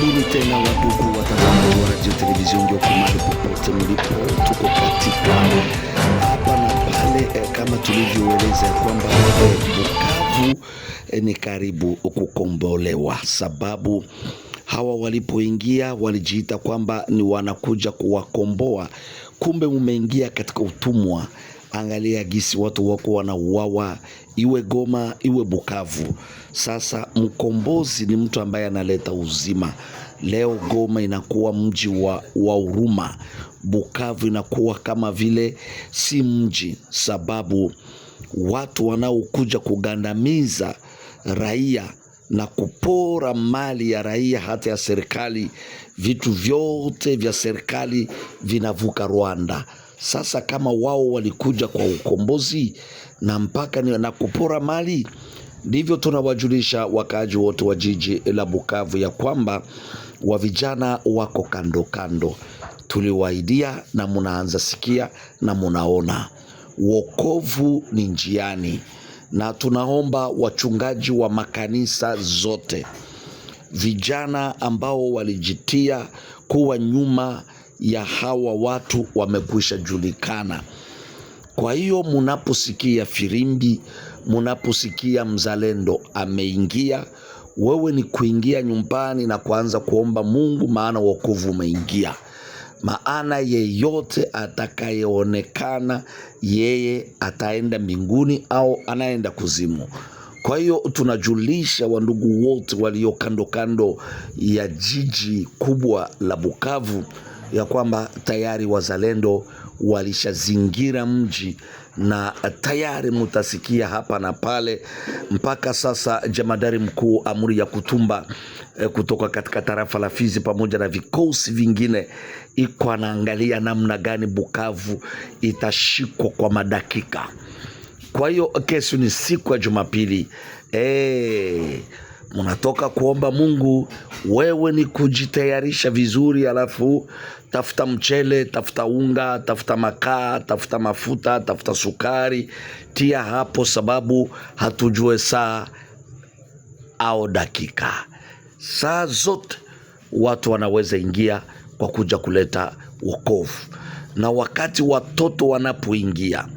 Karibuni tena wadugu watazamaji wa Radio Television Ngyoku, popote mlipo, tuko katika hapa na pale eh, kama tulivyoeleza kwamba eh, Bukavu eh, ni karibu kukombolewa sababu hawa walipoingia walijiita kwamba ni wanakuja kuwakomboa, kumbe mumeingia katika utumwa angalia gisi watu wako wanauawa, iwe Goma iwe Bukavu. Sasa mkombozi ni mtu ambaye analeta uzima. Leo Goma inakuwa mji wa, wa huruma. Bukavu inakuwa kama vile si mji, sababu watu wanaokuja kugandamiza raia na kupora mali ya raia hata ya serikali, vitu vyote vya serikali vinavuka Rwanda. Sasa kama wao walikuja kwa ukombozi na mpaka ni, na kupora mali, ndivyo tunawajulisha wakaaji wote wa jiji la Bukavu ya kwamba wa vijana wako kando kando, tuliwaidia na munaanza sikia na munaona wokovu ni njiani, na tunaomba wachungaji wa makanisa zote, vijana ambao walijitia kuwa nyuma ya hawa watu wamekwisha julikana. Kwa hiyo munaposikia firimbi, munaposikia mzalendo ameingia, wewe ni kuingia nyumbani na kuanza kuomba Mungu, maana wokovu umeingia. Maana yeyote atakayeonekana yeye ataenda mbinguni au anaenda kuzimu. Kwa hiyo tunajulisha wandugu wote walio kando kando ya jiji kubwa la Bukavu ya kwamba tayari wazalendo walishazingira mji na tayari mutasikia hapa na pale. Mpaka sasa jemadari mkuu amri ya kutumba e, eh, kutoka katika tarafa la Fizi pamoja na vikosi vingine iko anaangalia namna gani Bukavu itashikwa kwa madakika. Kwa hiyo kesho ni siku ya Jumapili Hey. Eh, unatoka kuomba Mungu, wewe ni kujitayarisha vizuri, alafu tafuta mchele, tafuta unga, tafuta makaa, tafuta mafuta, tafuta sukari, tia hapo, sababu hatujue saa au dakika. Saa zote watu wanaweza ingia kwa kuja kuleta wokovu, na wakati watoto wanapoingia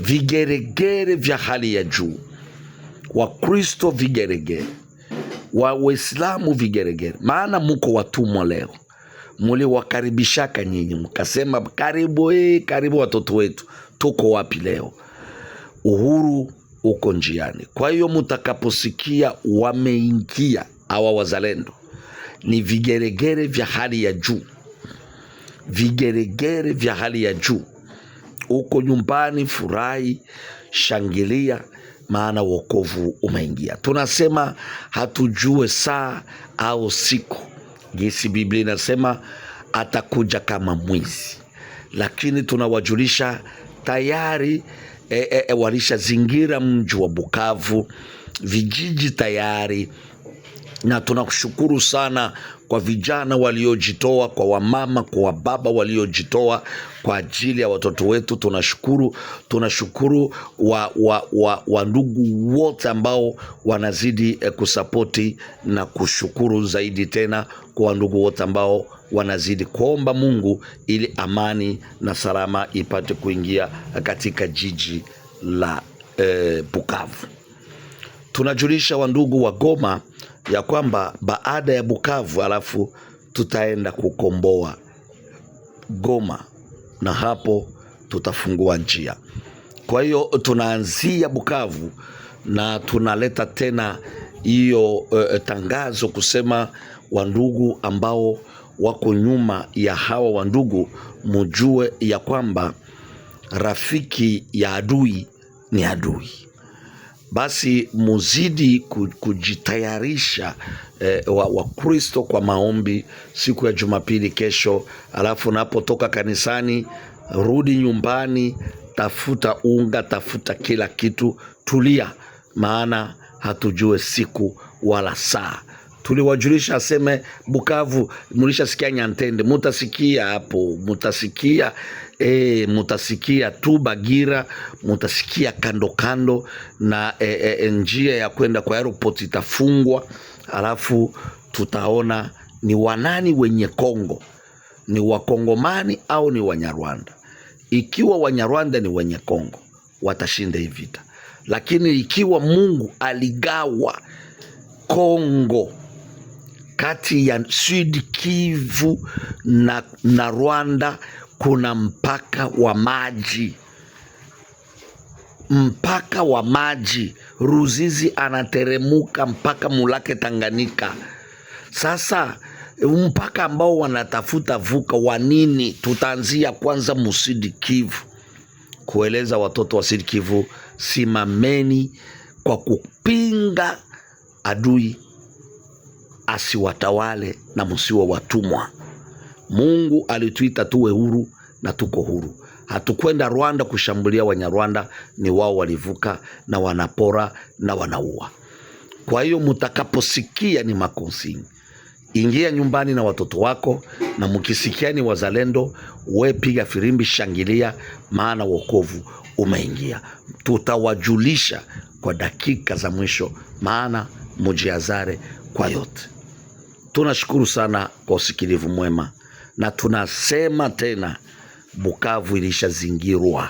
vigeregere vya hali ya juu Wakristo vigeregere, wa Waislamu vigeregere, maana muko watumwa leo. Muliwakaribishaka nyinyi mkasema karibu, eh, karibu watoto wetu. Tuko wapi leo? Uhuru uko njiani. Kwa hiyo mutakaposikia wameingia hawa wazalendo, ni vigeregere vya hali ya juu, vigeregere vya hali ya juu. Uko nyumbani, furahi, shangilia maana wokovu umeingia. Tunasema hatujue saa au siku, jinsi Biblia inasema atakuja kama mwizi, lakini tunawajulisha tayari e, e, e, walishazingira mji wa Bukavu, vijiji tayari na tunakushukuru sana kwa vijana waliojitoa, kwa wamama, kwa wababa waliojitoa kwa ajili ya watoto wetu. Tunashukuru, tunashukuru wa, wa, wa, wa ndugu wote ambao wanazidi eh, kusapoti na kushukuru zaidi tena kwa wandugu wote ambao wanazidi kuomba Mungu ili amani na salama ipate kuingia katika jiji la eh, Bukavu. Tunajulisha wandugu wa Goma ya kwamba baada ya Bukavu alafu tutaenda kukomboa Goma na hapo tutafungua njia. Kwa hiyo tunaanzia Bukavu na tunaleta tena hiyo uh, tangazo kusema wandugu ambao wako nyuma ya hawa wandugu, mujue ya kwamba rafiki ya adui ni adui basi muzidi kujitayarisha eh, Wakristo wa kwa maombi siku ya Jumapili kesho. Alafu unapotoka kanisani, rudi nyumbani, tafuta unga, tafuta kila kitu, tulia, maana hatujue siku wala saa tuliwajulisha, aseme Bukavu, mulishasikia Nyantende, mutasikia hapo, mutasikia e, mutasikia tu Bagira, mutasikia kando kando, na e, e, njia ya kwenda kwa aeroport itafungwa, alafu tutaona ni wanani wenye Kongo, ni Wakongomani au ni Wanyarwanda. Ikiwa Wanyarwanda ni wenye Kongo watashinda hii vita, lakini ikiwa Mungu aligawa Kongo kati ya Sud Kivu na, na Rwanda kuna mpaka wa maji mpaka wa maji. Ruzizi anateremuka mpaka mulake Tanganyika. Sasa mpaka ambao wanatafuta vuka wa nini? Tutaanzia kwanza musidi Kivu, kueleza watoto wa Sud Kivu, simameni kwa kupinga adui basi watawale na msiwe watumwa. Mungu alituita tuwe huru na tuko huru. Hatukwenda Rwanda kushambulia Wanyarwanda, ni wao walivuka na wanapora na wanaua. Kwa hiyo mtakaposikia ni makonsinyi, ingia nyumbani na watoto wako, na mkisikia ni wazalendo, we piga firimbi, shangilia, maana wokovu umeingia. Tutawajulisha kwa dakika za mwisho, maana mujiazare kwa yote tunashukuru sana kwa usikilivu mwema, na tunasema tena, Bukavu ilishazingirwa.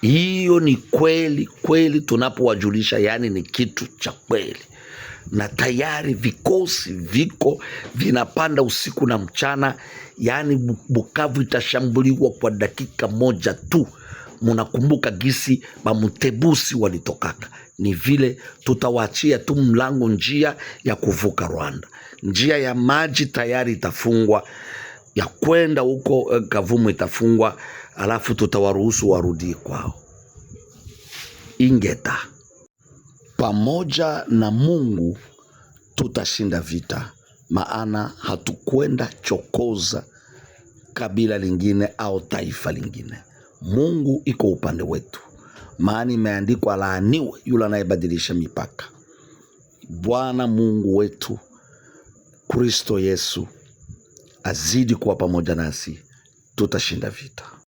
Hiyo ni kweli kweli, tunapowajulisha yaani ni kitu cha kweli, na tayari vikosi viko vinapanda usiku na mchana, yaani Bukavu itashambuliwa kwa dakika moja tu. Munakumbuka gisi mamutebusi walitokaka, ni vile tutawaachia tu mlango njia ya kuvuka Rwanda njia ya maji tayari itafungwa ya kwenda huko eh, Kavumu itafungwa, alafu tutawaruhusu warudi kwao. Ingeta pamoja na Mungu tutashinda vita, maana hatukwenda chokoza kabila lingine au taifa lingine. Mungu iko upande wetu, maana imeandikwa, laaniwe yule anayebadilisha mipaka. Bwana Mungu wetu Kristo Yesu azidi kuwa pamoja nasi, tutashinda vita.